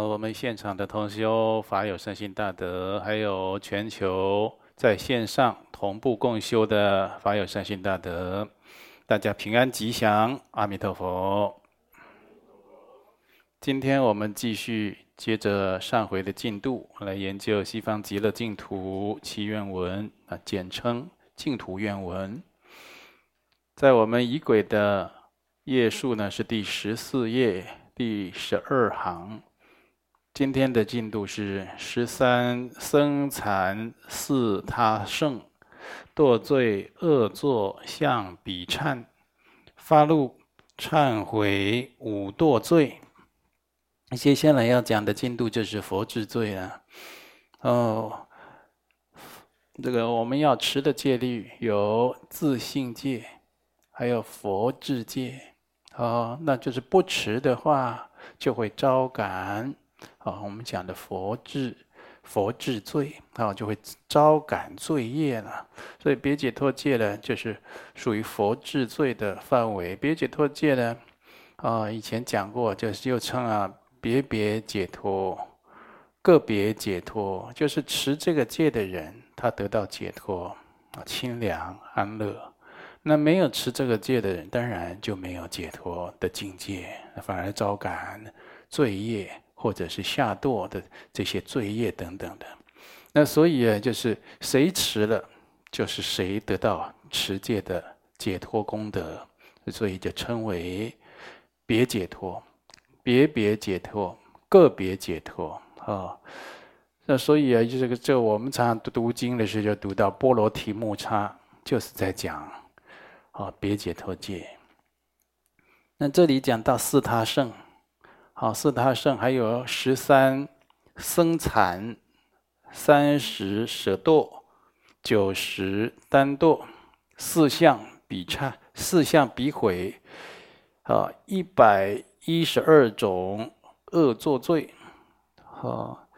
我們現場的同修、法友善信大德，還有全球在線上同步共修的法友善信大德，大家平安吉祥，阿彌陀佛。今天我們繼續接着上回的進度來研究《西方極樂淨土祈願文》啊，簡稱淨土願文，在我們儀軌的頁數呢是第十四頁第十二行。今天的進度是十三僧殘、四他勝，墮罪惡作向彼懺，發露懺悔五墮罪。接下來要講的進度就是佛制罪了。哦，這個我們要持的戒律有自性戒，還有佛制戒。哦，那就是不持的話就會招感。啊，我們講的佛制，佛制罪啊，就會招感罪業了。所以別解脫戒呢，就是屬於佛制罪的範圍。別解脫戒呢，啊，以前講過，就是又稱啊，別別解脫、個別解脫，就是持這個戒的人，他得到解脫啊，清涼安樂。那沒有持這個戒的人，當然就沒有解脫的境界，反而招感罪業。或者是下墮的這些罪業等等的，那所以啊，就是誰持了，就是誰得到持戒的解脫功德，所以就稱為別解脫、別別解脫、個別解脫啊。那所以啊，就這個，這我們常讀經的時候就讀到《波羅提木叉》，就是在講啊，別解脫戒。那這裡講到四他勝。啊，四他勝還有十三僧殘，三十捨墮，九十單墮，四向彼悔，四向彼悔。啊，一百一十二種惡作罪。啊，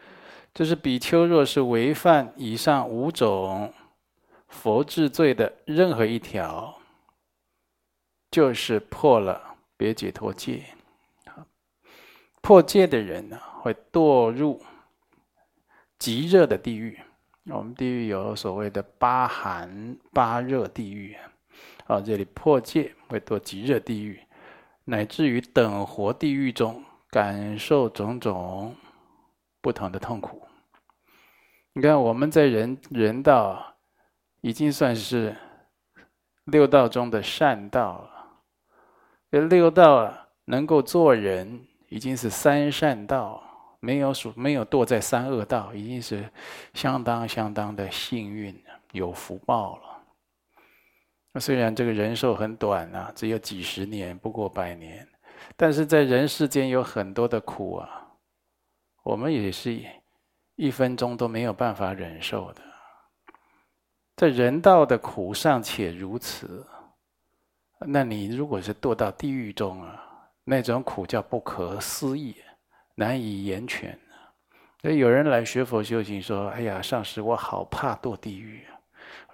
就是比丘若是違犯以上五種佛制罪的任何一條，就是破了別解脫戒。破戒的人呢，會墮入極熱的地獄。我們地獄有所謂的八寒八熱地獄啊，這裡破戒會墮極熱地獄，乃至於等活地獄中感受種種不同的痛苦。你看，我們在人人道已經算是六道中的善道了。這六道能夠做人。已經是三善道，沒有屬沒有墮在三惡道，已經是相當相當的幸運，有福報了。那雖然這個人壽很短啊，只有幾十年，不過百年，但是在人世間有很多的苦啊，我們也是一分鐘都沒有辦法忍受的。在人道的苦尚且如此，那你如果是墮到地獄中啊，那種苦叫不可思議，難以言詮。所以有人來學佛修行，說：“哎呀，上師，我好怕墮地獄。”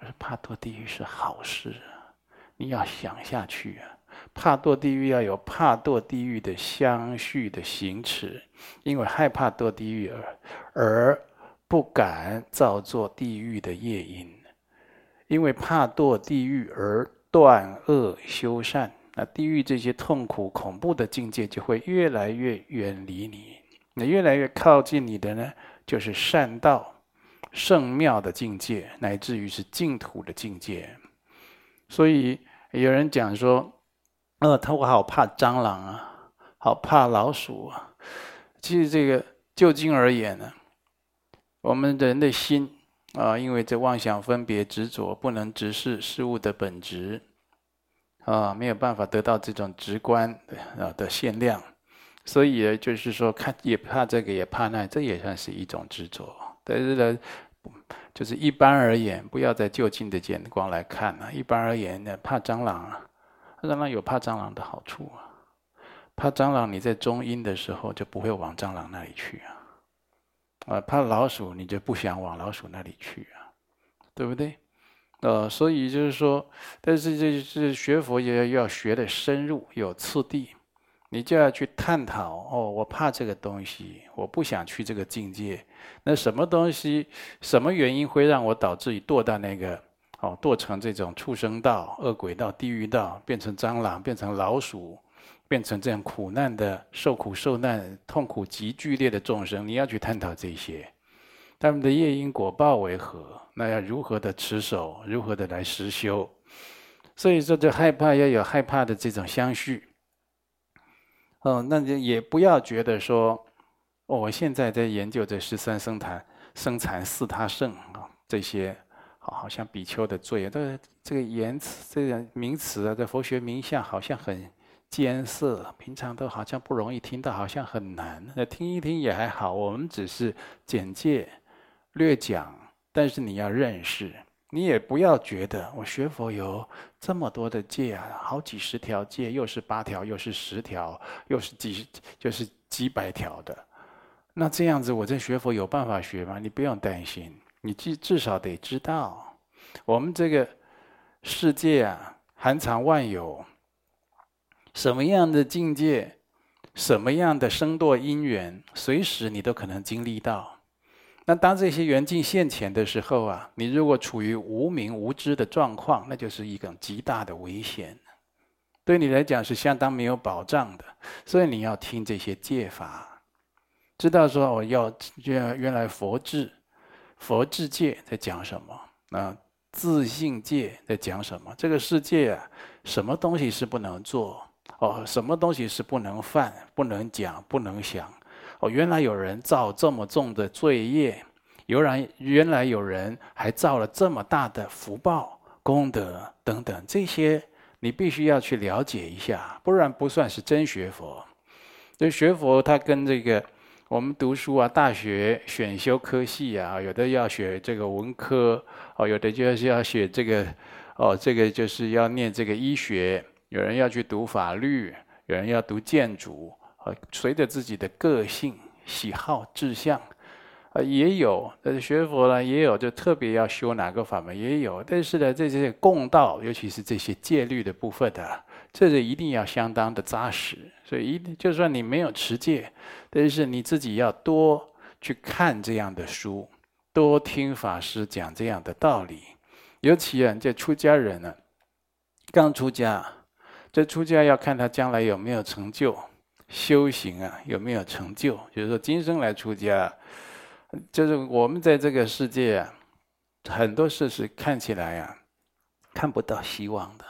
我說：“怕墮地獄是好事啊，你要想下去啊。怕墮地獄要有怕墮地獄的相續的行持，因為害怕墮地獄而而不敢造作地獄的業因，因為怕墮地獄而斷惡修善。”那地獄這些痛苦恐怖的境界就會越來越遠離你，那越來越靠近你的呢，就是善道、聖妙的境界，乃至於是淨土的境界。所以有人講說：“呃，他我好怕蟑螂啊，好怕老鼠啊。”其實這個就今而言呢，我們人的心啊，因為這妄想分別執着，不能直視事物的本質。啊，沒有辦法得到這種直觀啊的限量，所以就是說，看也怕這個，也怕那，這也算是一種執着。但是呢，就是一般而言，不要在就近的眼光來看啊。一般而言呢，怕蟑螂啊，蟑螂有怕蟑螂的好處啊，怕蟑螂你在中陰的時候就不會往蟑螂那裡去啊，啊，怕老鼠，你就不想往老鼠那裡去啊，對不對？呃，哦、所以就是說，但是這是學佛也要學得深入有次第，你就要去探討哦。我怕這個東西，我不想去這個境界。那什麼東西，什麼原因會讓我導致於墮到那個哦，墮成這種畜生道、餓鬼道、地獄道，變成蟑螂，變成老鼠，變成這樣苦難的、受苦受難、痛苦極劇烈的眾生？你要去探討這些。他們的業因果報為何？那要如何的持守？如何的來實修？所以說，就害怕要有害怕的這種相續。哦、嗯，那就也不要覺得說、哦，我現在在研究這十三僧殘，僧殘四他勝啊、哦、這些、哦，好像比丘的作業，這個言詞、這個名詞啊，在、這個、佛學名相好像很艱澀，平常都好像不容易聽到，好像很難。那聽一聽也還好，我們只是簡介。略講，但是你要認識，你也不要覺得我學佛有這麼多的戒啊，好幾十條戒，又是八條，又是十條，又是幾十，就是幾百條的。那這樣子，我在學佛有辦法學嗎？你不用擔心，你至至少得知道，我們這個世界啊，含藏萬有，什麼樣的境界，什麼樣的生墮因緣，隨時你都可能經歷到。那當這些緣盡現前的時候啊，你如果處於無明無知的狀況，那就是一種極大的危險，對你來講是相當沒有保障的。所以你要聽這些戒法，知道說我要原原來佛制佛制戒在講什麼啊，自性戒在講什麼？這個世界啊，什麼東西是不能做哦？什麼東西是不能犯、不能講、不能想？哦，原來有人造這麼重的罪業，有人原來有人還造了這麼大的福報、功德等等，這些你必須要去了解一下，不然不算是真學佛。就學佛它跟這個我們讀書啊，大學選修科系啊，有的要學這個文科，哦，有的就是要學這個，哦，這個就是要念這個醫學，有人要去讀法律，有人要讀建築。啊，隨着自己的個性、喜好、志向，啊，也有；但是學佛呢，也有，就特別要修哪個法門，也有。但是呢，這些共道，尤其是這些戒律的部分的、啊，這是一定要相當的扎實。所以，一定就算你沒有持戒，但是你自己要多去看這樣的書，多聽法師講這樣的道理。尤其啊，這出家人呢、啊，剛出家，這出家要看他將來有沒有成就。修行啊，有沒有成就？就是說，今生來出家，就是我們在這個世界啊，很多事是看起來啊，看不到希望的，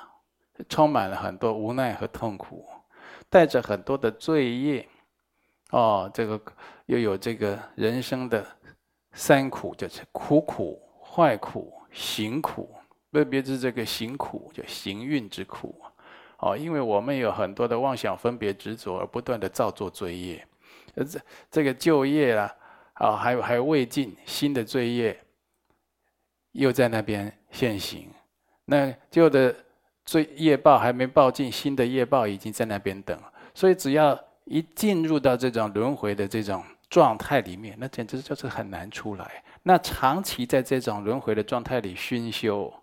充滿了很多無奈和痛苦，帶着很多的罪業，哦，這個又有這個人生的三苦，就是苦苦、壞苦、行苦，特別是這個行苦，叫行運之苦。哦，因為我們有很多的妄想、分別、執着，而不斷的造作罪業，這這個舊業啦，啊，還還未盡新的罪業，又在那邊現行。那舊的罪業報還沒報盡，新的業報已經在那邊等。所以只要一進入到這種輪回的這種狀態裡面，那簡直就是很難出來。那長期在這種輪回的狀態裡熏修。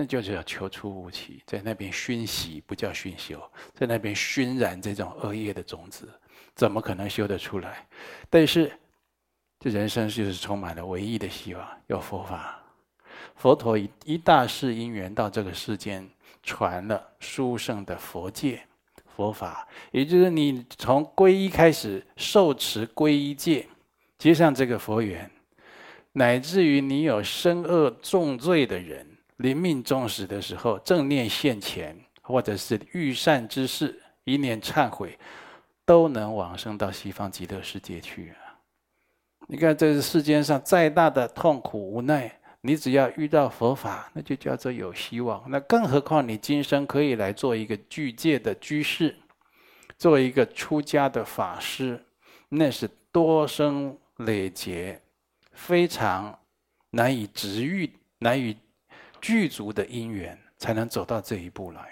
那就是要求出無期，在那邊熏習不叫熏修，在那邊熏染這種惡業的種子，怎麼可能修得出來？但是，這人生就是充滿了唯一的希望，有佛法。佛陀以一大事因緣到這個世間，傳了殊勝的佛戒、佛法，也就是你從皈依開始受持皈依戒，接上這個佛緣，乃至於你有身惡重罪的人。臨命終時的時候，正念現前，或者是遇善之事，一念懺悔，都能往生到西方極樂世界去啊。你看，這個世間上再大的痛苦無奈，你只要遇到佛法，那就叫做有希望。那更何況你今生可以來做一個具戒的居士，做一個出家的法師，那是多生累劫，非常難以值遇，難以。具足的因緣，才能走到這一步來。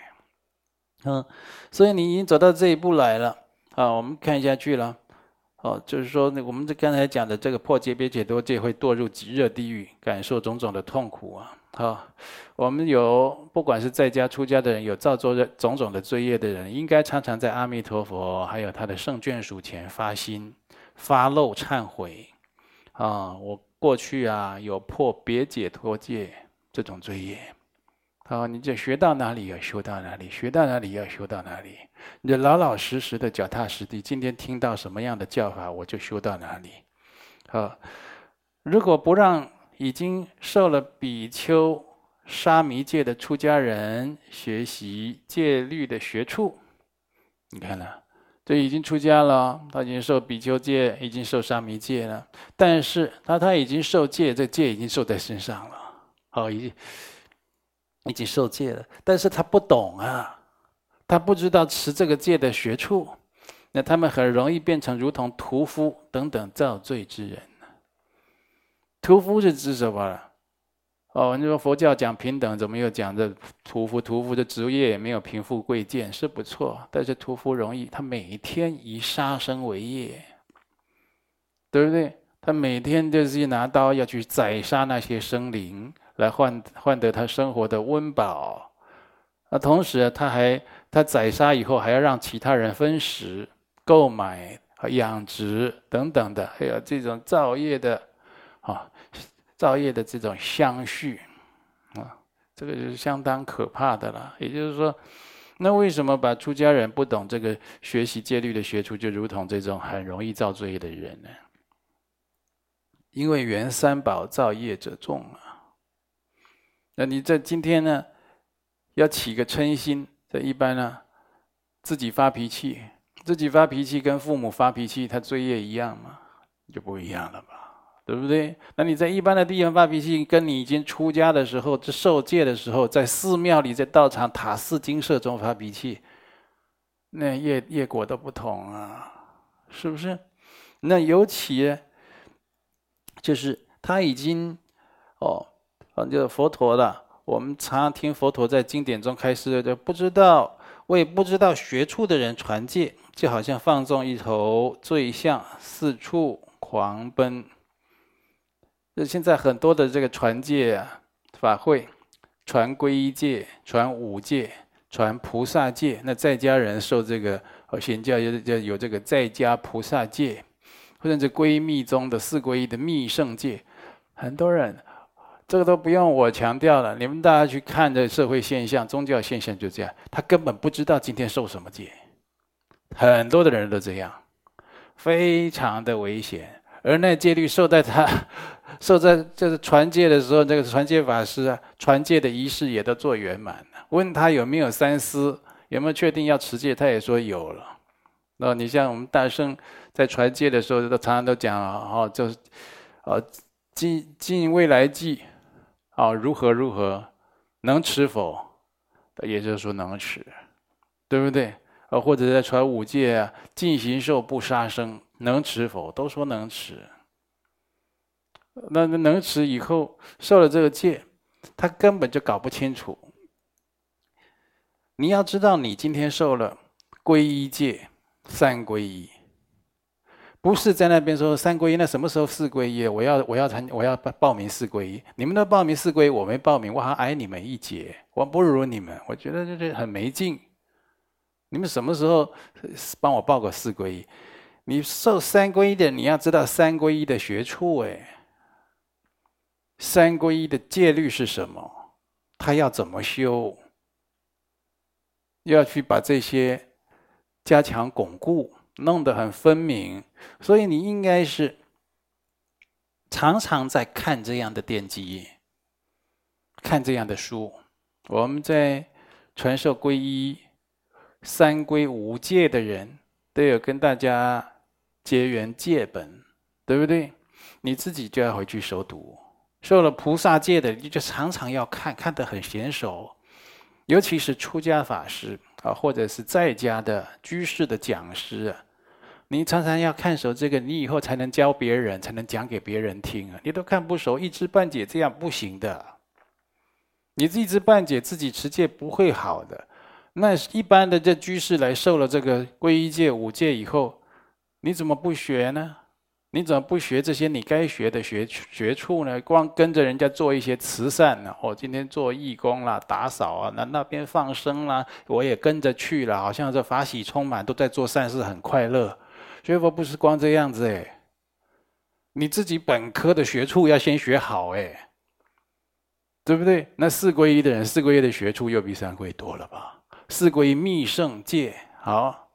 嗯，所以你已經走到這一步來了啊！我們看一下去了。哦，就是說，我們這剛才講的這個破別解脫戒，會墮入極熱地獄，感受種種的痛苦啊！好，我們有，不管是在家出家的人，有造作的種種的罪業的人，應該常常在阿彌陀佛還有他的聖眷屬前發心、發露懺悔啊！我過去啊，有破別解脫戒。這種罪業，好，你就學到哪裡要修到哪裡，學到哪裡要修到哪裡。你就老老實實的，腳踏實地。今天聽到什麼樣的教法，我就修到哪裡。好，如果不讓已經受了比丘、沙彌戒的出家人學習戒律的學處，你看了，這已經出家了，他已經受比丘戒，已經受沙彌戒了。但是他他已經受戒，這戒已經受在身上了。好，已經已經受戒了，但是他不懂啊，他不知道持這個戒的學處，那他們很容易變成如同屠夫等等造罪之人。屠夫是指什麼？哦，你說佛教講平等，怎麼又講這屠夫？屠夫的職業沒有貧富貴賤是不錯，但是屠夫容易，他每一天以殺生為業，對不對？他每天就是拿刀要去宰殺那些生靈。來換換得他生活的溫飽，啊，同時他還他宰殺以後還要讓其他人分食、購買和養殖等等的，還有這種造業的，啊、哦，造業的這種相續，啊、哦，這個就是相當可怕的了。也就是說，那為什麼把出家人不懂這個學習戒律的學處就如同這種很容易造罪業的人呢？因為緣三寶造業者眾啊。那你在今天呢？要起個嗔心，在一般呢，自己發脾氣，自己發脾氣，跟父母發脾氣，他罪業一樣嗎？就不一樣了吧，對不對？那你在一般的地方發脾氣，跟你已經出家的時候，這受戒的時候，在寺廟裡，在道場、塔寺、精舍中發脾氣，那業業果都不同啊，是不是？那尤其，就是他已經，哦。啊，就是佛陀了。我們常聽佛陀在經典中開示，的，不知道為不知道學處的人傳戒，就好像放縱一頭醉象四處狂奔。就現在很多的這個傳戒法會，傳皈依戒、傳五戒、傳菩薩戒。那在家人受這個顯教有有這個在家菩薩戒，或者是密宗的四皈依的密聖戒，很多人。這個都不用我強調了，你們大家去看這社會現象、宗教現象就這樣，他根本不知道今天受什麼戒，很多的人都這樣，非常的危險。而那戒律受在他受在就是傳戒的時候，那個傳戒法師啊，傳戒的儀式也都做圓滿了。問他有沒有三思，有沒有確定要持戒，他也說有了。那你像我們大聖在傳戒的時候，都常常都講啊、哦，就是，盡盡未來際。啊，哦，如何如何能持否？也就是說能持，對不對？啊，或者在傳五戒，啊，盡形壽不殺生，能持否？都說能持。那那能持以後受了這個戒，他根本就搞不清楚。你要知道，你今天受了皈依戒，三皈依。不是在那邊說三皈依。那什麼時候四皈依？「我要我要參，我要報報名四皈依。你們都報名四皈依，我沒報名，我還矮你們一截，我不如你們。我覺得這這很沒勁。你們什麼時候幫我報個四皈依？」你受三皈依的，你要知道三皈依的學處哎，三皈依的戒律是什麼？他要怎麼修？要去把這些加強鞏固弄得很分明，所以你應該是常常在看這樣的典籍，看這樣的書。我們在傳授皈依、三皈五戒的人，都有跟大家結緣戒本，對不對？你自己就要回去熟讀。受了菩薩戒的，你就常常要看，看得很嫻熟。尤其是出家法師啊，或者是在家的居士的講師啊。你常常要看熟這個，你以後才能教別人，才能講給別人聽啊！你都看不熟，一知半解，這樣不行的。你一知半解，自己持戒不會好的。那一般的這居士來受了這個皈依戒、五戒以後，你怎麼不學呢？你怎麼不學這些你該學的學學處呢？光跟着人家做一些慈善，我今天做義工啦，打掃啊，那那邊放生啦、啊，我也跟着去了，好像這法喜充滿，都在做善事，很快樂。學佛不，不是光這樣子哎，你自己本科的學處要先學好哎，對不對？那四皈依的人，四皈依的學處又比三皈多了吧？四皈依密乘戒，好，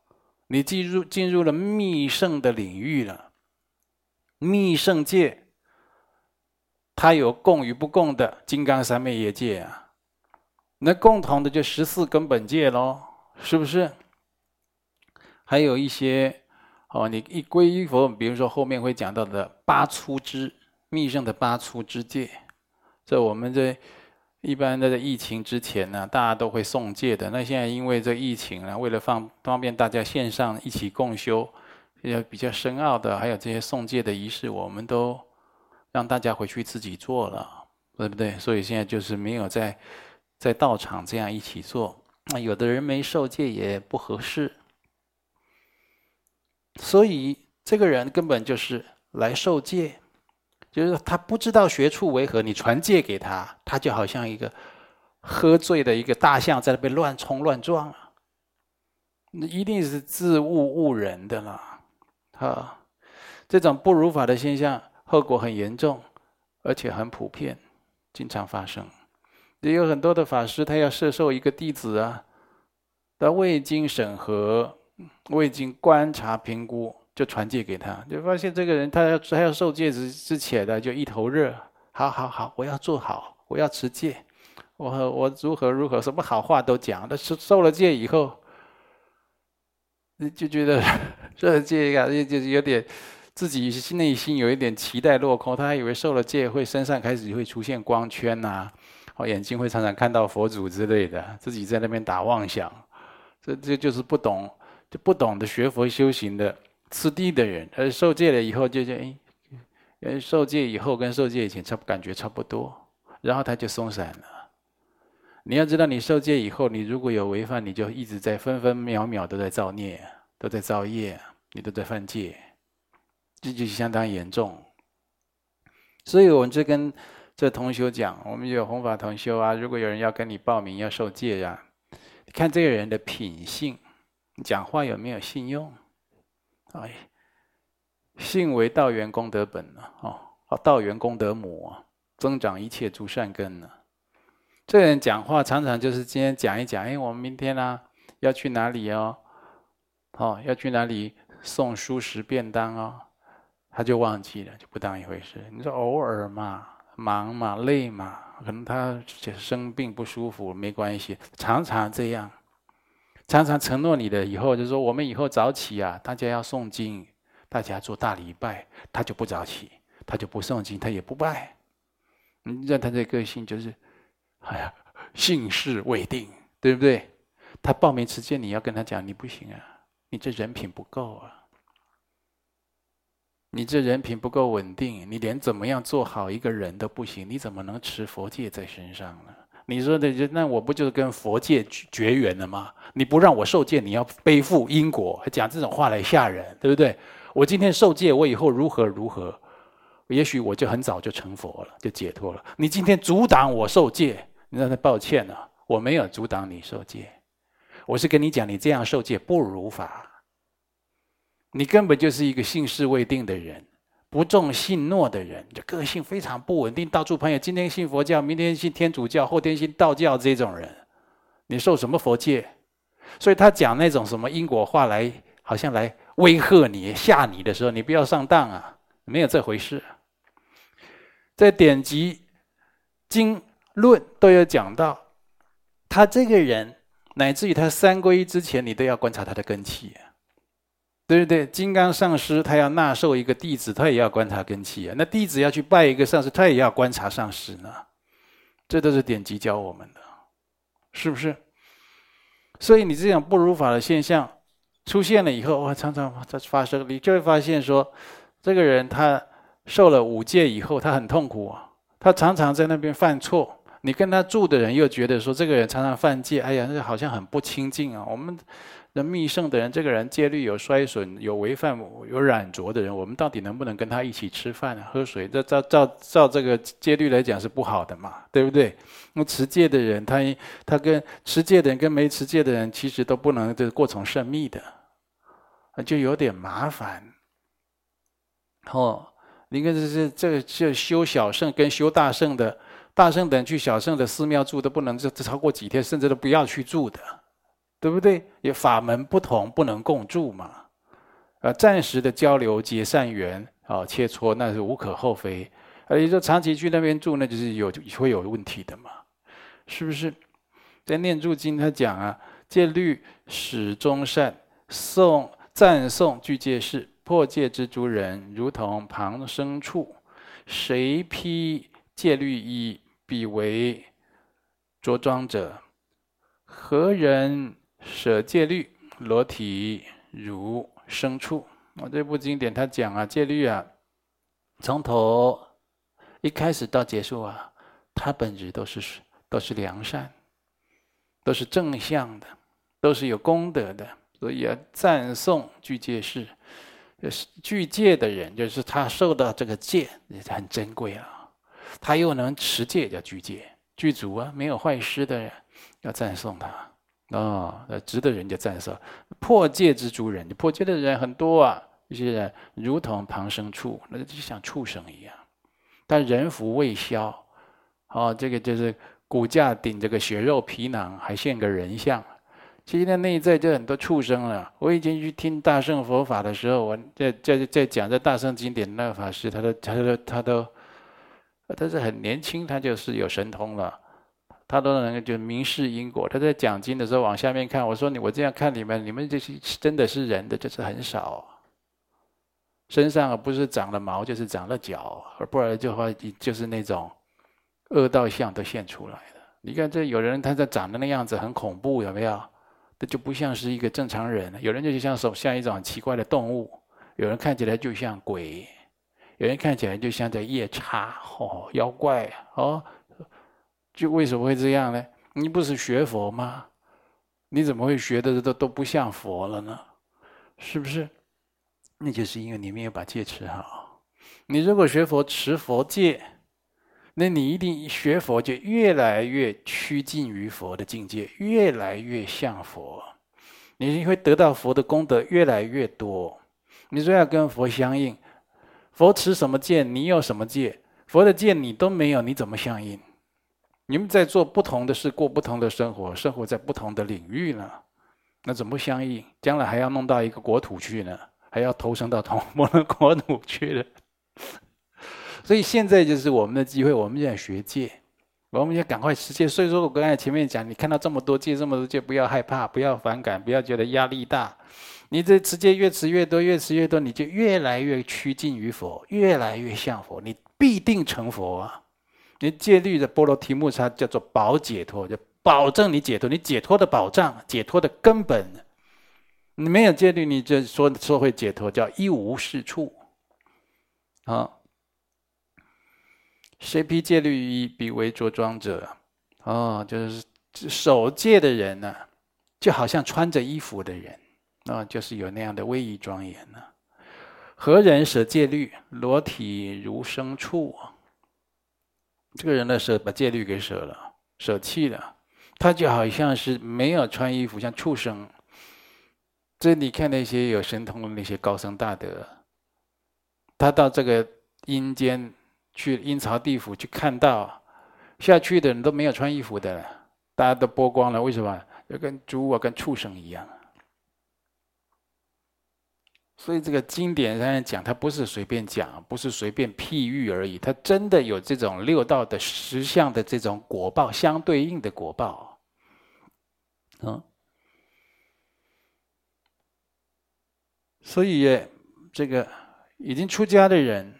你進入進入了密乘的領域了。密乘戒，它有共與不共的金剛三昧耶戒啊。那共同的就十四根本戒嘍，是不是？還有一些。哦，你一皈依佛，比如說後面會講到的八粗支，密乘的八粗支戒。在我們在一般的在疫情之前呢，大家都會誦戒的。那現在因為這疫情啊，為了方方便大家線上一起共修，比較深奧的，還有這些誦戒的儀式，我們都讓大家回去自己做了，對不對？所以現在就是沒有在在道場這樣一起做。那有的人沒受戒也不合適。所以，這個人根本就是來受戒，就是他不知道學處為何，你傳戒給他，他就好像一個喝醉的一個大象在那邊亂衝亂撞啊！那一定是自誤誤人的了哈，這種不如法的現象，後果很嚴重，而且很普遍，經常發生。也有很多的法師，他要攝受一個弟子啊，他未經審核。我已經觀察評估，就傳戒給他，就發現這個人，他要他要受戒之之前的就一頭熱，好好好，我要做好，我要持戒，我我如何如何，什麼好話都講。但是受受了戒以後，就覺得受了戒啊，就就有點自己內心有一點期待落空。他還以為受了戒會身上開始會出現光圈吶、啊，眼睛會常常看到佛祖之類的，自己在那邊打妄想。這這就，就是不懂。就不懂得學佛修行的次第的人，而受戒了以後，就覺得就哎，受戒以後跟受戒以前差不感覺差不多，然後他就鬆散了。你要知道，你受戒以後，你如果有違犯，你就一直在分分秒秒都在造孽，都在造業，你都在犯戒，這就相當嚴重。所以，我們就跟這同修講，我們有弘法同修啊，如果有人要跟你報名要受戒呀、啊，看這個人的品性。講話有沒有信用？啊、哎，信為道元功德本呢、啊，哦，道元功德母啊，增長一切諸善根呢、啊。這人講話常常就是今天講一講，為、哎、我們明天呢、啊、要去哪裡哦，哦要去哪裡送蔬食便當哦，他就忘記了，就不當一回事。你說偶爾嘛，忙嘛，累嘛，可能他生病不舒服沒關係，常常這樣。常常承諾你的以後，就說我們以後早起啊，大家要誦經，大家做大禮拜，他就不早起，他就不誦經，他也不拜。你讓他的個性，就是哎呀，心性未定，對不對？他報名持戒，你要跟他講，你不行啊，你這人品不夠啊，你這人品不夠穩定，你連怎麼樣做好一個人都不行，你怎麼能持佛戒在身上呢、啊？你說的，那我不就是跟佛界絕緣了嗎？你不讓我受戒，你要背負因果，還講這種話來嚇人，對不對？我今天受戒，我以後如何如何？也許我就很早就成佛了，就解脫了。你今天阻擋我受戒，你讓他抱歉了、啊，我沒有阻擋你受戒，我是跟你講，你這樣受戒不如法，你根本就是一個性事未定的人。不重信諾的人，就個性非常不穩定，到處朋友，今天信佛教，明天信天主教，後天信道教，這種人，你受什麼佛戒？所以他講那種什麼因果話來，好像來威嚇你、嚇你的時候，你不要上當啊，沒有這回事。在典籍、經論都有講到，他這個人，乃至於他三皈依之前，你都要觀察他的根器。對對對，金剛上師他要納受一個弟子，他也要觀察根器啊。那弟子要去拜一個上師，他也要觀察上師呢。這都是典籍教我們的，是不是？所以你這種不如法的現象出現了以後，我常常在發生，你就會發現說，這個人他受了五戒以後，他很痛苦啊。他常常在那邊犯錯，你跟他住的人又覺得說，這個人常常犯戒，哎呀，這好像很不清淨啊。我們。那密乘的人，這個人戒律有衰損、有違犯、有染濁的人，我們到底能不能跟他一起吃飯、喝水？這照照照這個戒律來講是不好的嘛，對不對？那持戒的人，他他跟持戒的人跟沒持戒的人，其實都不能這、就是、過從甚密的，就有點麻煩。哦，你看這這這個這修小乘跟修大乘的，大乘等去小乘的寺廟住都不能，就超過幾天，甚至都不要去住的。對不對？也法門不同，不能共住嘛。啊，暫時的交流、結善緣、啊切磋，那是無可厚非。啊，也就長期去那邊住，那就是有就會有問題的嘛？是不是？在《念住經》他講啊，戒律始終善頌，讚頌具戒士，破戒之諸人，如同旁生畜。誰披戒律衣，彼為着裝者，何人捨戒律，裸體如牲畜。我這部經典他講啊，戒律啊，從頭一開始到結束啊，它本質都是都是良善，都是正向的，都是有功德的，所以要讚頌具戒士，具戒的人，就是他受到這個戒也很珍貴啊。他又能持戒，也叫戒，叫具戒具足啊，沒有壞失的人，要讚頌他。啊，那值得人家贊賞。破戒之諸人，破戒的人很多啊。這些人如同旁生畜，那就像畜生一樣。但人福未消，哦，這個就是骨架頂着個血肉皮囊，還現個人相。其實他內在就很多畜生了。我以前去聽大乘佛法的時候，我在在在講這大乘經典，那個法師，他都他都他都，他是很年輕，他就是有神通了。他都能就明示因果。他在講經的時候，往下面看。我說你，我這樣看你們，你們這些真的是人的，就是很少。身上啊，不是長了毛，就是長了角，而不然的話，就是那種惡道相都現出來了。你看這有人，他在長的那樣子很恐怖，有沒有？他就不像是一個正常人。有人就像手，像一種奇怪的動物，有人看起來就像鬼，有人看起來就像在夜叉哦，妖怪哦。就為什麼會這樣呢？你不是學佛嗎？你怎麼會學的都都不像佛了呢？是不是？那就是因為你沒有把戒持好。你如果學佛持佛戒，那你一定學佛就越來越趨近於佛的境界，越來越像佛。你會得到佛的功德越來越多。你說要跟佛相應，佛持什麼戒，你有什麼戒，佛的戒你都沒有，你怎麼相應？你們在做不同的事，過不同的生活，生活在不同的領域呢，那怎麼不相應？將來還要弄到一個國土去呢，還要投身到同佛的國土去了。 所以現在就是我們的機會，我們要學戒，我們要趕快持戒。所以說，我剛才前面講，你看到這麼多戒，這麼多戒，不要害怕，不要反感，不要覺得壓力大。你這持戒越持越多，越持越多，你就越來越趨近於佛，越來越像佛，你必定成佛啊！你戒律的波羅提木叉叫做保解脫，就保證你解脫，你解脫的保障，解脫的根本。你沒有戒律，你這說說會解脫，叫一無是處。啊，誰披戒律衣，彼為着裝者？啊，就是守戒的人呢、啊，就好像穿着衣服的人，啊，就是有那樣的威儀莊嚴呢、啊。何人舍戒律，裸體如牲畜？這個人呢，捨把戒律給捨了，捨棄了，他就好像是沒有穿衣服，像畜生。這你看那些有神通的那些高僧大德，他到這個陰間去，陰曹地府去看到，下去的人都沒有穿衣服的了，大家都剝光了，為什麼？就跟豬啊，跟畜生一樣。所以這個經典上面講，它不是隨便講，不是隨便譬喻而已，它真的有這種六道的實相的這種果報，相對應的果報，所以這個已經出家的人，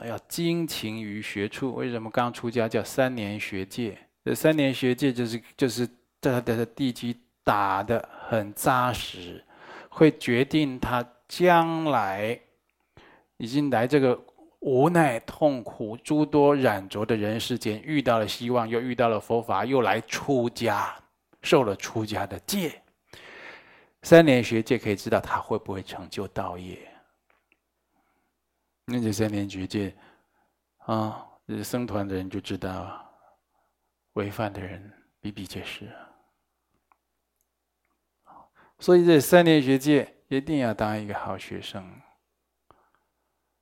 要精勤於學處。為什麼剛出家叫三年學戒？這三年學戒就是就是在他的地基打得很紮實，會決定他。將來已經來這個無奈痛苦諸多染着的人世間，遇到了希望，又遇到了佛法，又來出家，受了出家的戒。三年學戒可以知道他會不會成就道業。那這三年學戒，啊，僧團的人就知道，違反的人比比皆是。所以這三年學戒。一定要當一個好學生，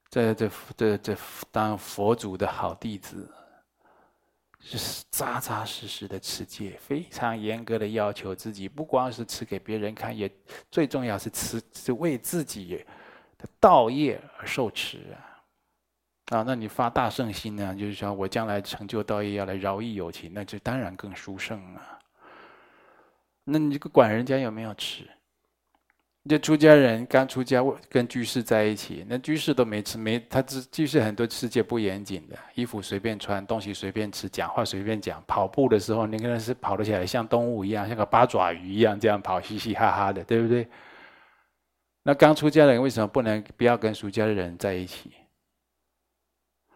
這這這這當佛祖的好弟子，是扎扎實實的持戒，非常嚴格的要求自己。不光是持給別人看，也最重要是持，是為自己，的道業而受持啊！啊，那你發大聖心呢？就是說，我將來成就道業，要來饒益有情，那就當然更殊勝啊！那你這個管人家有沒有持？你這出家人剛出家，跟居士在一起，那居士都沒吃沒，他只居士很多事情不嚴謹的，衣服隨便穿，東西隨便吃，講話隨便講，跑步的時候，你可能是跑得起來，像動物一樣，像個八爪魚一樣這樣跑，嘻嘻哈哈的，對不對？那剛出家人為什麼不能不要跟俗家的人在一起？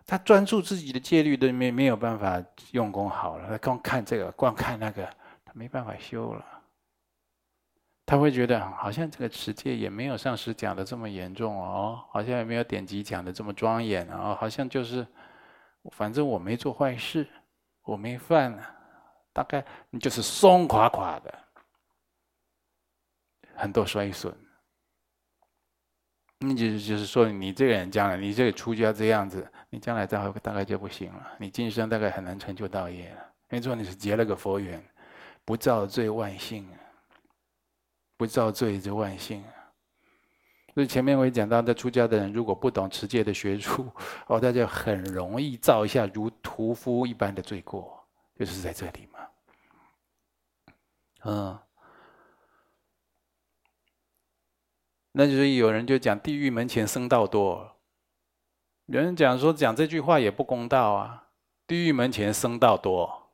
他專注自己的戒律都沒沒有辦法用功好了，他光看這個，光看，看那個，他沒辦法修了。他會覺得好像這個世界也沒有上師講的這麼嚴重哦，好像也沒有典籍講的這麼莊嚴哦，好像就是，反正我沒做壞事，我沒犯，大概你就是鬆垮垮的，很多衰損。那就就是說，你這個人將來，你這個出家這樣子，你將來再會大概就不行了，你今生大概很難成就道業了。因為說你是結了個佛緣，不造罪，萬幸。不造罪，就萬幸啊！所以前面我也講到，在出家的人如果不懂持戒的學處哦，他就很容易造一下如屠夫一般的罪過，就是在這裡嘛、嗯。嗯，那就是有人就講地獄門前僧道多，有人講說，講這句話也不公道啊！地獄門前僧道多，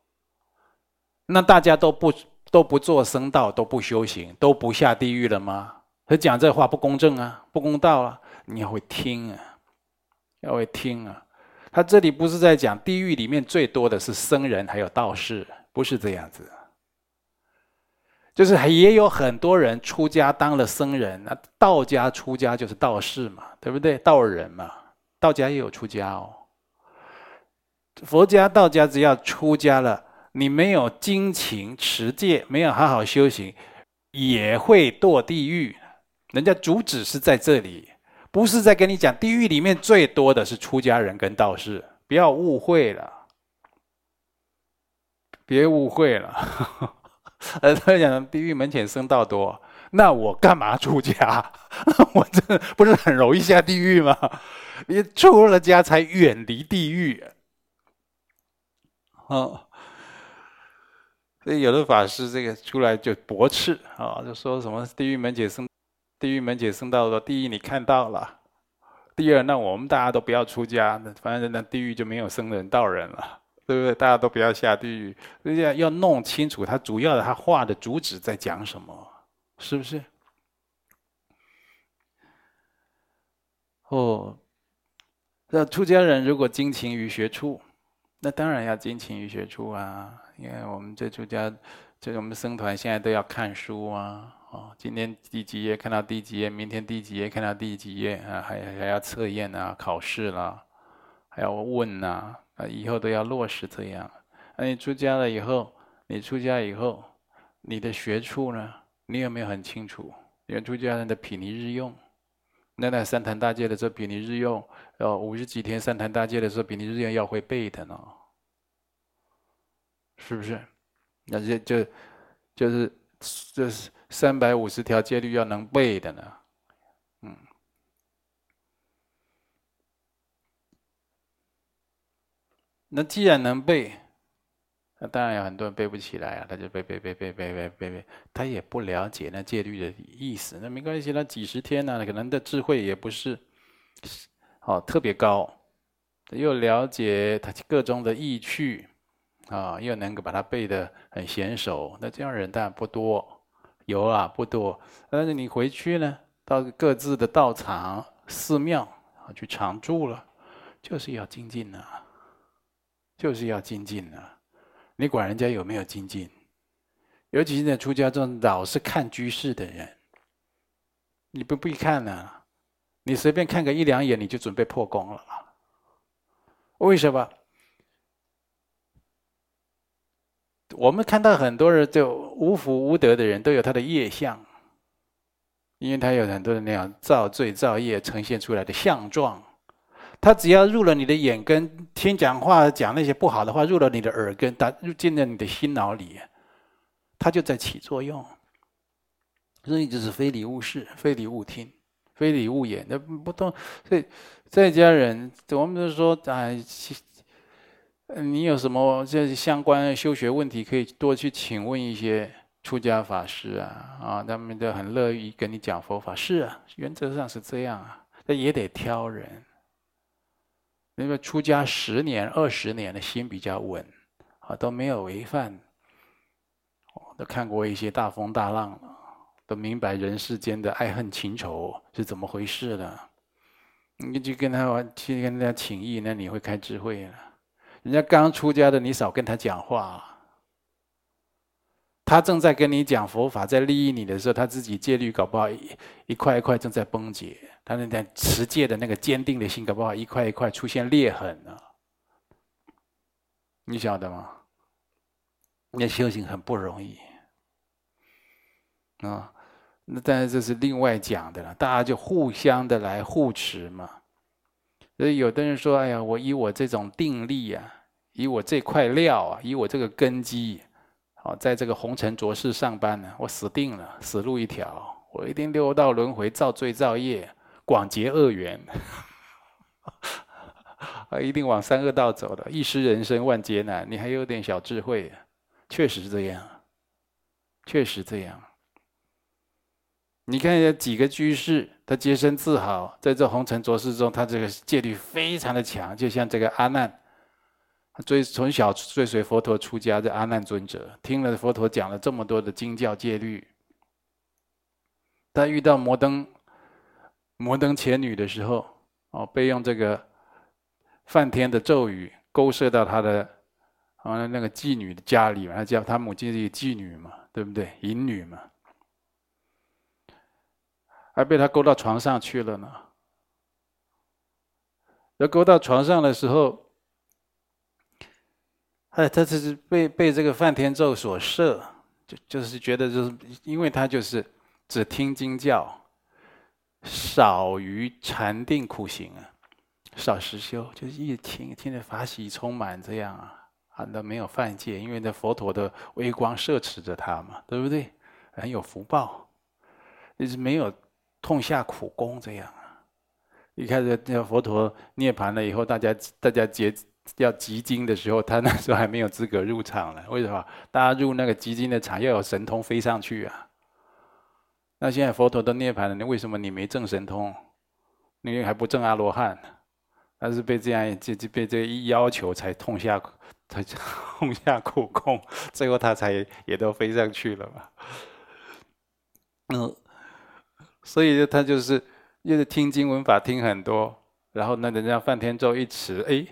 那大家都不。都不做僧道，都不修行，都不下地獄了嗎？他講這話不公正啊，不公道啊！你要會聽啊，要會聽啊。他這裡不是在講地獄裡面最多的是僧人，還有道士，不是這樣子。就是也有很多人出家當了僧人，那道家出家就是道士嘛，對不對？道人嘛，道家也有出家哦。佛家、道家只要出家了，你沒有精勤持戒，沒有好好修行，也會墮地獄。人家主旨是在這裡，不是在跟你講地獄裡面最多的是出家人跟道士，不要誤會了，別誤會了。呃，他講地獄門前僧道多，那我幹嘛出家？ 我這不是很容易下地獄嗎？你出了家才遠離地獄。哦所以有的法師這個出來就駁斥啊，哦，就說什麼地獄門前僧，地獄門前僧道說：第一你看到了，第二那我們大家都不要出家，那反正那地獄就沒有僧人道人了，對不對？大家都不要下地獄，所以要弄清楚他主要的他話的主旨在講什麼，是不是？哦，那出家人如果精勤於學處，那當然要精勤於學處啊。因為我們這出家，這我們僧團現在都要看書啊，哦，今天第幾頁看到第幾頁，明天第幾頁看到第幾頁啊，還還要測驗啊，考試啦，啊，還要問吶，啊，以後都要落實這樣。那你出家了以後，你出家以後，你的學處呢，你有沒有很清楚？因為出家人的毗尼日用，那在三壇大戒的時候，毗尼日用，哦，五十幾天三壇大戒的時候，毗尼日用要會背的呢。是不是？那這就就，就是就是三百五十條戒律要能背的呢，嗯。那既然能背，那當然有很多人背不起來啊。他就背背背背背背背背，背，背，他也不了解那戒律的意思。那沒關係，那幾十天呢、啊，可能的智慧也不是哦，特別高，又了解他各種的意趣。啊、哦，又能夠把它背得很嫻熟，那這樣人當然不多，有啊不多。但是你回去呢，到各自的道場、寺廟啊去常住了，就是要精進呢、啊，就是要精進呢、啊。你管人家有沒有精進？尤其是出家眾，老是看居士的人，你不必看吶、啊，你隨便看個一兩眼，你就準備破功了。為什麼？我們看到很多人就無福無德的人，都有他的業相，因為他有很多的那樣造罪造業呈現出來的相狀。他只要入了你的眼根，聽講話講那些不好的話，入了你的耳根，打入進了你的心腦裡，他就在起作用。所以就是非禮勿視，非禮勿聽，非禮勿言。那不懂，所以在家人，我們就說哎。你有什麼這相關的修學問題，可以多去請問一些出家法師啊啊，他們都很樂意跟你講佛法。是啊，原則上是這樣啊，但也得挑人。那個出家十年、二十年的心比較穩啊，都沒有違犯，都看過一些大風大浪，都明白人世間的愛恨情仇是怎麼回事了。你就跟他去跟他請益，那你會開智慧了。人家剛出家的，你少跟他講話啊。他正在跟你講佛法，在利益你的時候，他自己戒律搞不好一一塊一塊正在崩解，他那點持戒的那個堅定的心，搞不好一塊一塊出現裂痕了啊。你曉得嗎？那修行很不容易啊。那當然這是另外講的了，大家就互相的來護持嘛。所以，有的人說：“哎呀，我以我這種定力啊，以我這塊料啊，以我這個根基，好，在這個紅塵濁世上班呢、啊，我死定了，死路一條，我一定六道輪迴造罪造業，廣結惡緣，啊， 一定往三惡道走的。一失人生萬劫難，你還有點小智慧，確實這樣，確實這樣。你看一下幾個居士。”他潔身自好，在這紅塵濁世中，他這個戒律非常的強。就像這個阿難，追從小追隨佛陀出家的阿難尊者，聽了佛陀講了這麼多的經教戒律，他遇到摩登摩登伽女的時候，哦，被用這個梵天的咒語勾攝到他的，啊，那個妓女的家裡嘛，叫他母親是妓女嘛，對不對？淫女嘛。還被他勾到床上去了呢。要勾到床上的時候，哎，他這是被被這個梵天咒所攝，就就是覺得就是因為他就是只聽經教，少於禪定苦行啊，少實修，就是一聽聽着法喜充滿這樣啊，很多沒有犯戒，因為那佛陀的微光攝持着他嘛，對不對？很有福報，就是沒有。痛下苦功，這樣啊！一開始那佛陀涅槃了以後大，大家大家結要集經的時候，他那時候還沒有資格入場了。為什麼？大家入那個集經的場要有神通飛上去啊？那現在佛陀都涅槃了，你為什麼你沒證神通？你還不證阿羅漢？他是被這樣這這被這一要求，才痛下才痛下苦功，最後他才也都飛上去了吧。嗯。所以他就是又是聽經聞法聽很多，然後呢，人家梵天咒一持，哎、欸，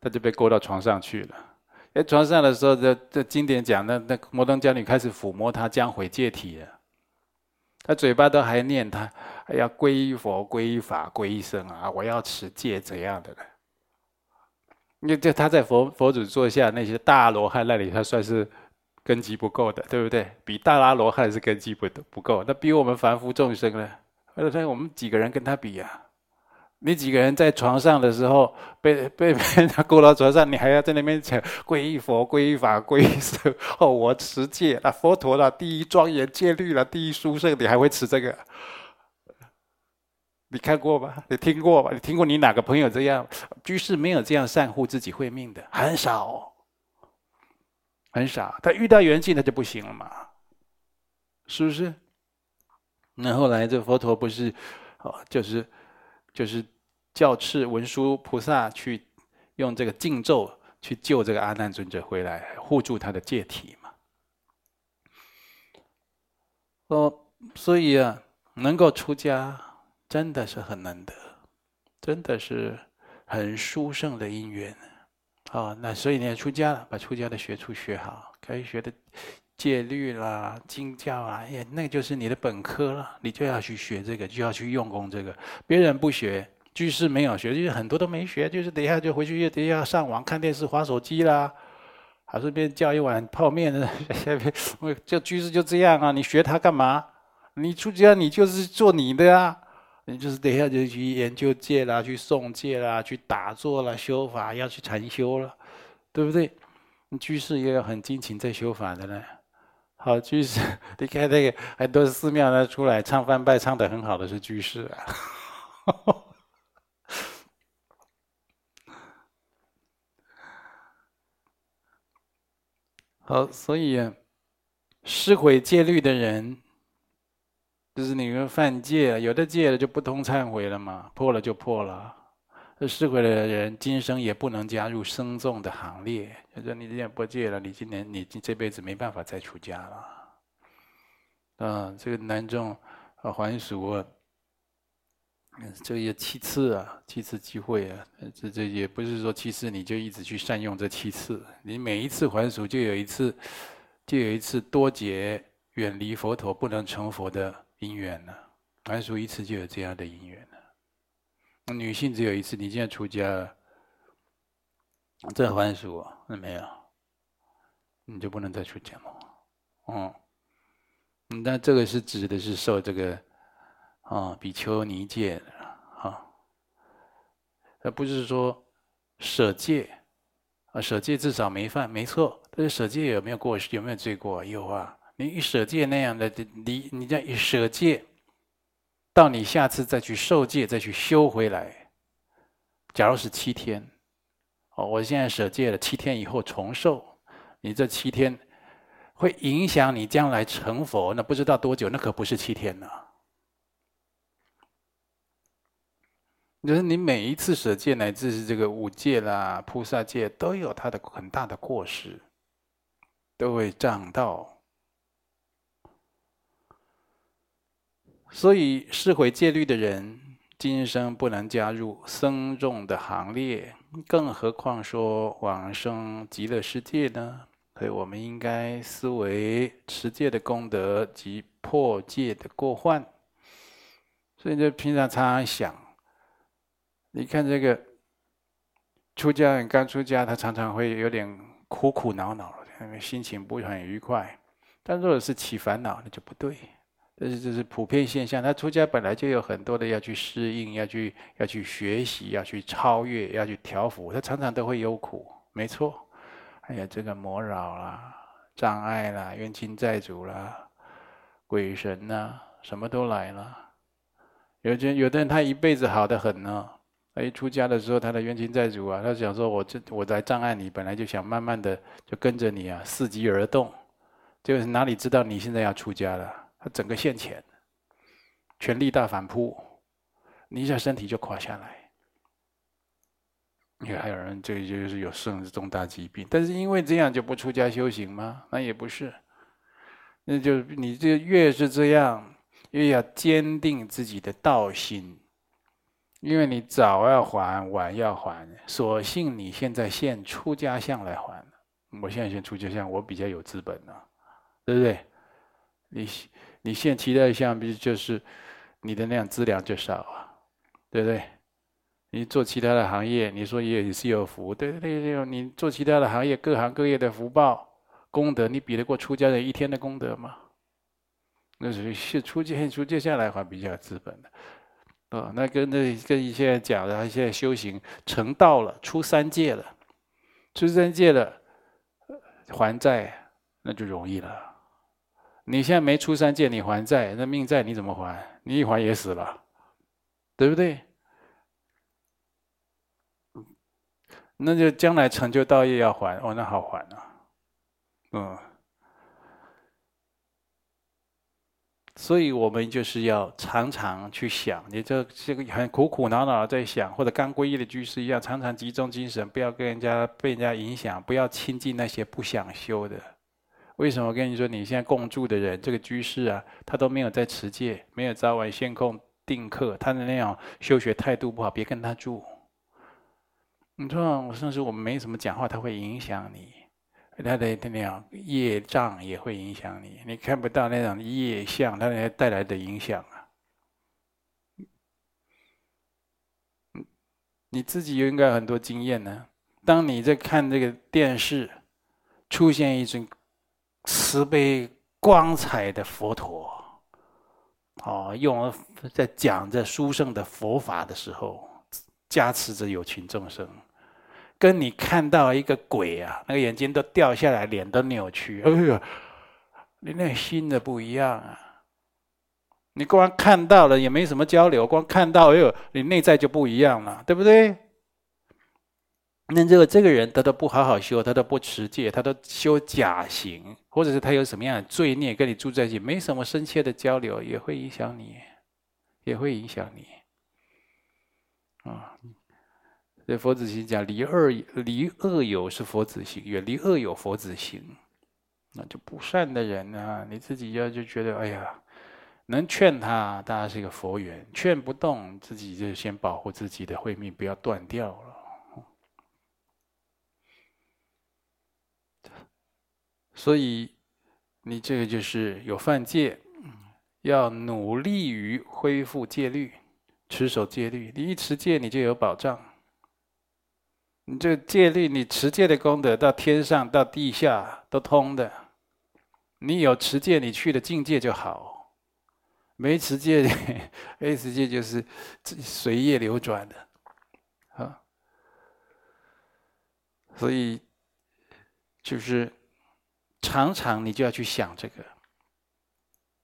他就被勾到床上去了。哎、欸，床上的時候，這這經典講，那那摩登伽女開始撫摸他，將毀戒體了。他嘴巴都還念他，哎呀，皈依佛、皈依法、皈依僧啊，我要持戒怎樣的呢？因為就他在佛佛祖座下那些大羅漢那裡，他算是。根基不夠的，對不對？比大拉羅漢是根基不不夠，那比我們凡夫眾生呢？那我們幾個人跟他比啊，你幾個人在床上的時候，被被他勾到床上，你還要在那邊講皈依佛、皈依法、皈依僧哦，我持戒，啊，佛陀了、啊、第一莊嚴戒律了、啊、第一殊勝，你還會持這個？你看過吧？你聽過吧？你聽過你哪個朋友這樣？居士沒有這樣善護自己慧命的很少、哦。很傻，他遇到緣盡，他就不行了嘛，是不是？那後來這佛陀不是，哦，就是，就是教敕文殊菩薩去用這個禁咒去救這個阿難尊者回來，護住他的戒體嘛。哦，Oh，所以啊，能夠出家真的是很難得，真的是很殊勝的因緣。哦，oh, 那所以你要出家了，把出家的學處學好，該學的戒律啦、經教啊，哎、欸、呀，那就是你的本科了，你就要去學這個，就要去用功這個。別人不學，居士沒有學，就是很多都沒學，就是等一下就回去，等一下上網、看電視、滑手機啦，還順便叫一碗泡面下面呢。我叫居士就這樣啊，你學他幹嘛？你出家，你就是做你的啊。就是等一下就去研究戒啦，去誦戒啦，去打坐啦，修法要去禪修了，對不對？居士也有很精勤在修法的呢。好，居士，你看那個很多寺廟呢，出來唱梵唄唱的很好的是居士啊。 好，所以啊，失毀戒律的人。就是你們犯戒，有的戒了就不通懺悔了嘛，破了就破了。那失毀的人，今生也不能加入僧眾的行列。就說你這樣不戒了，你今年你這輩子沒辦法再出家了。啊，這個男眾還俗，這也七次啊，七次機會啊。這這也不是說七次你就一直去善用這七次，你每一次還俗就有一次，就有一次多劫遠離佛陀，不能成佛的因緣呢？還俗一次就有這樣的因緣呢。女性只有一次，你現在出家，再還俗那沒有，你就不能再出家了。嗯，那這個是指的是受這個啊、嗯、比丘尼戒的啊，而、嗯、不是說捨戒啊。捨戒至少沒犯，沒錯。但是捨戒有沒有過？有沒有罪過？有啊。你一捨戒那樣的，你你這樣一捨戒，到你下次再去受戒，再去修回來。假如是七天，哦，我現在捨戒了，七天以後重受，你這七天會影響你將來成佛？那不知道多久，那可不是七天呢。就是你每一次捨戒，乃至是這個五戒啦、菩薩戒，都有它的很大的過失，都會障道。所以，失毀戒律的人，今生不能加入僧眾的行列，更何況說往生極樂世界呢？所以我們應該思維持戒的功德及破戒的過患。所以，就平常常常想，你看這個出家人剛出家，他常常會有點苦苦惱惱，心情不是很愉快。但若是起煩惱，那就不對。這是這是普遍現象。他出家本來就有很多的要去適應，要去要去學習，要去超越，要去調伏。他常常都會有苦，沒錯。哎呀，這個魔擾啦、啊，障礙啦、啊，冤親債主啦、啊，鬼神吶、啊，什麼都來了。有些有的人他一輩子好得很呢、啊。他一出家的時候，他的冤親債主啊，他想說：“我這我在障礙你，本來就想慢慢的就跟着你啊，伺機而動。”就是哪裡知道你現在要出家了。他整個現前，全力大反撲，你一下身體就垮下來。也還有人這就是有腎重大疾病，但是因為這樣就不出家修行嗎？那也不是。那就你這越是這樣，越要堅定自己的道心，因為你早要還，晚要還，索性你現在現出家相來還。我現在現出家相，我比較有資本呢、啊，對不對？你。你現其他相比就是你的那樣資糧就少啊，對不對？你做其他的行業，你說也是有福，對對對你做其他的行業，各行各業的福報功德，你比得過出家人一天的功德嗎？那是，是出家，出家下來還比較有資本的，啊，那跟着跟你現在講的，他現在修行成道了，出三界了，出三界了，了還債，那就容易了。你現在沒出三界你還債，那命債你怎麼還？你一還也死了，對不對？那就將來成就道業要還哦，那好還啊，嗯。所以我們就是要常常去想，你這這個很苦苦惱惱在想，或者剛皈依的居士一樣，常常集中精神，不要跟人家被人家影響，不要親近那些不想修的。為什麼我跟你說，你現在共住的人，這個居士啊，他都沒有在持戒，沒有早晚先空定課。他的那種修學態度不好，別跟他住。你說，我甚至我們沒什麼講話，他會影響你，他的那樣業障也會影響你。你看不到那種業相，他那帶來的影響啊。你自己應該有很多經驗呢。當你在看這個電視，出現一種。慈悲光彩的佛陀，哦，用在講着殊勝的佛法的時候，加持着有情眾生，跟你看到一個鬼啊，那個眼睛都掉下來，臉都扭曲，哎呦，你內心的不一樣啊！你光看到了也沒什麼交流，光看到，哎呦，你內在就不一樣了，對不對？那這個這個人他都不好好修，他都不持戒，他都修假行，或者是他有什麼樣的罪孽跟你住在一起，沒什麼深切的交流，也會影響你，也會影響你。啊、嗯，這佛子行講離惡離惡友是佛子行，遠離惡友佛子行，那就不善的人呢、啊，你自己要就覺得哎呀，能勸他，他是一個佛緣；勸不動，自己就先保護自己的慧命不要斷掉了。所以，你這個就是有犯戒，要努力於恢復戒律，持守戒律。你一持戒，你就有保障，你這戒律，你持戒的功德，到天上到地下都通的。你有持戒，你去的境界就好，沒持戒，沒持戒就是隨業流轉的，啊。所以，就是。常常你就要去想這個，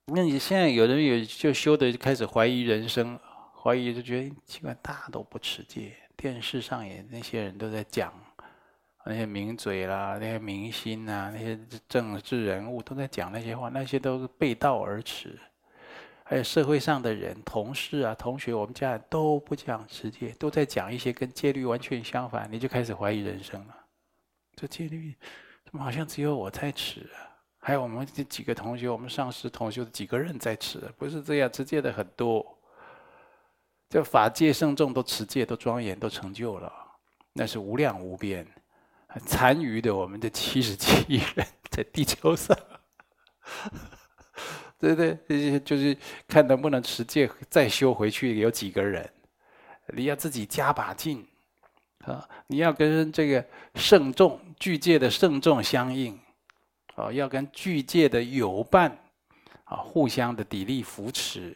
那你現在有人有就修的開始懷疑人生，懷疑就覺得，奇怪大都不持戒，電視上也那些人都在講，那些名嘴啦、啊、那些明星吶、啊，那些政治人物都在講那些話，那些都背道而馳。還有社會上的人、同事啊、同學，我們家人都不講持戒，都在講一些跟戒律完全相反，你就開始懷疑人生了。這戒律。怎麼好像只有我在吃啊？還有我們這幾個同學，我們上師同學幾個人在吃？不是這樣，持戒的很多，這法界聖眾都持戒，都莊嚴，都成就了，那是無量無邊。殘餘的我們的七十七億人在地球上， 對對，就是看能不能持戒再修回去，有幾個人？你要自己加把勁。啊，你要跟這個僧眾，具戒的僧眾相應，啊，要跟具戒的友伴，啊，互相的砥礪扶持。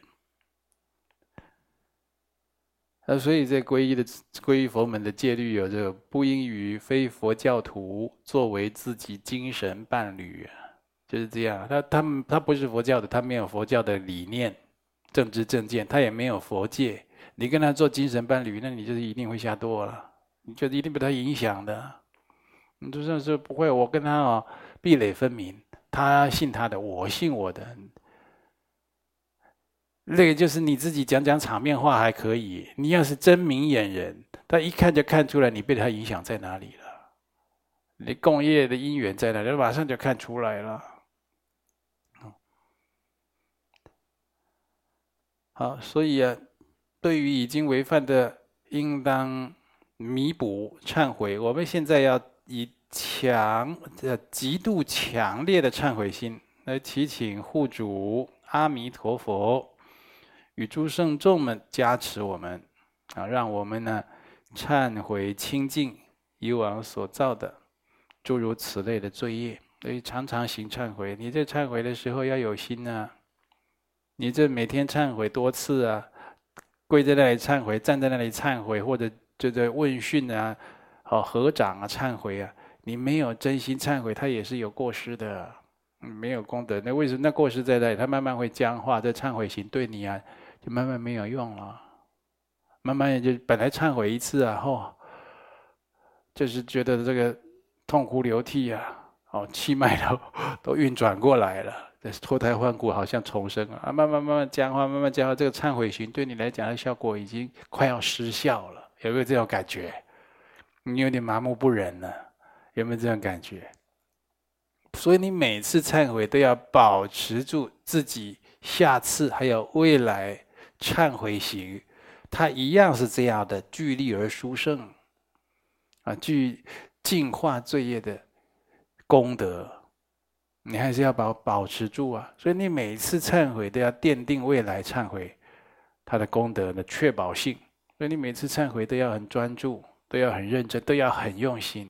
那所以，在皈依的皈依佛門的戒律有這個，不應與非佛教徒作為自己精神伴侶，就是這樣。他他們他不是佛教的，他沒有佛教的理念、正知正見，他也沒有佛戒，你跟他做精神伴侶，那你就是一定會下墮了。你覺得一定被他影響的，你就算是不會，我跟他啊、哦、壁壘分明，他信他的，我信我的。那個就是你自己講講場面話還可以，你要是真明眼人，他一看就看出來你被他影響在哪裡了，你共業的因緣在哪裡，他馬上就看出來了。好，所以啊，對於已經違犯的，應當。彌補懺悔，我們現在要以強的極度強烈的懺悔心來祈請怙主阿彌陀佛與諸聖眾們加持我們啊，讓我們呢懺悔清淨以往所造的諸如此類的罪業。所以常常行懺悔，你在懺悔的時候要有心啊，你這每天懺悔多次啊，跪在那裡懺悔，站在那裡懺悔，或者。就在問訊啊，哦，合掌啊，懺悔啊，你沒有真心懺悔，他也是有過失的，啊，沒有功德。那為什麼那過失在哪裡？他慢慢會僵化，這懺悔型對你啊，就慢慢沒有用了。慢慢也就本來懺悔一次啊，吼，就是覺得這個痛哭流涕啊，哦，氣脈都都運轉過來了，脫胎換骨，好像重生啊。慢慢慢慢僵化，慢慢僵化，這個懺悔型對你來講的效果已經快要失效了。有沒有這種感覺？你有點麻木不仁了，有沒有這種感覺？所以你每次懺悔都要保持住自己，下次還有未來懺悔行，它一樣是這樣的聚力而殊勝啊，具淨化罪業的功德，你還是要保保持住啊。所以你每次懺悔都要奠定未來懺悔它的功德的確保性。所以你每次懺悔都要很專注，都要很認真，都要很用心。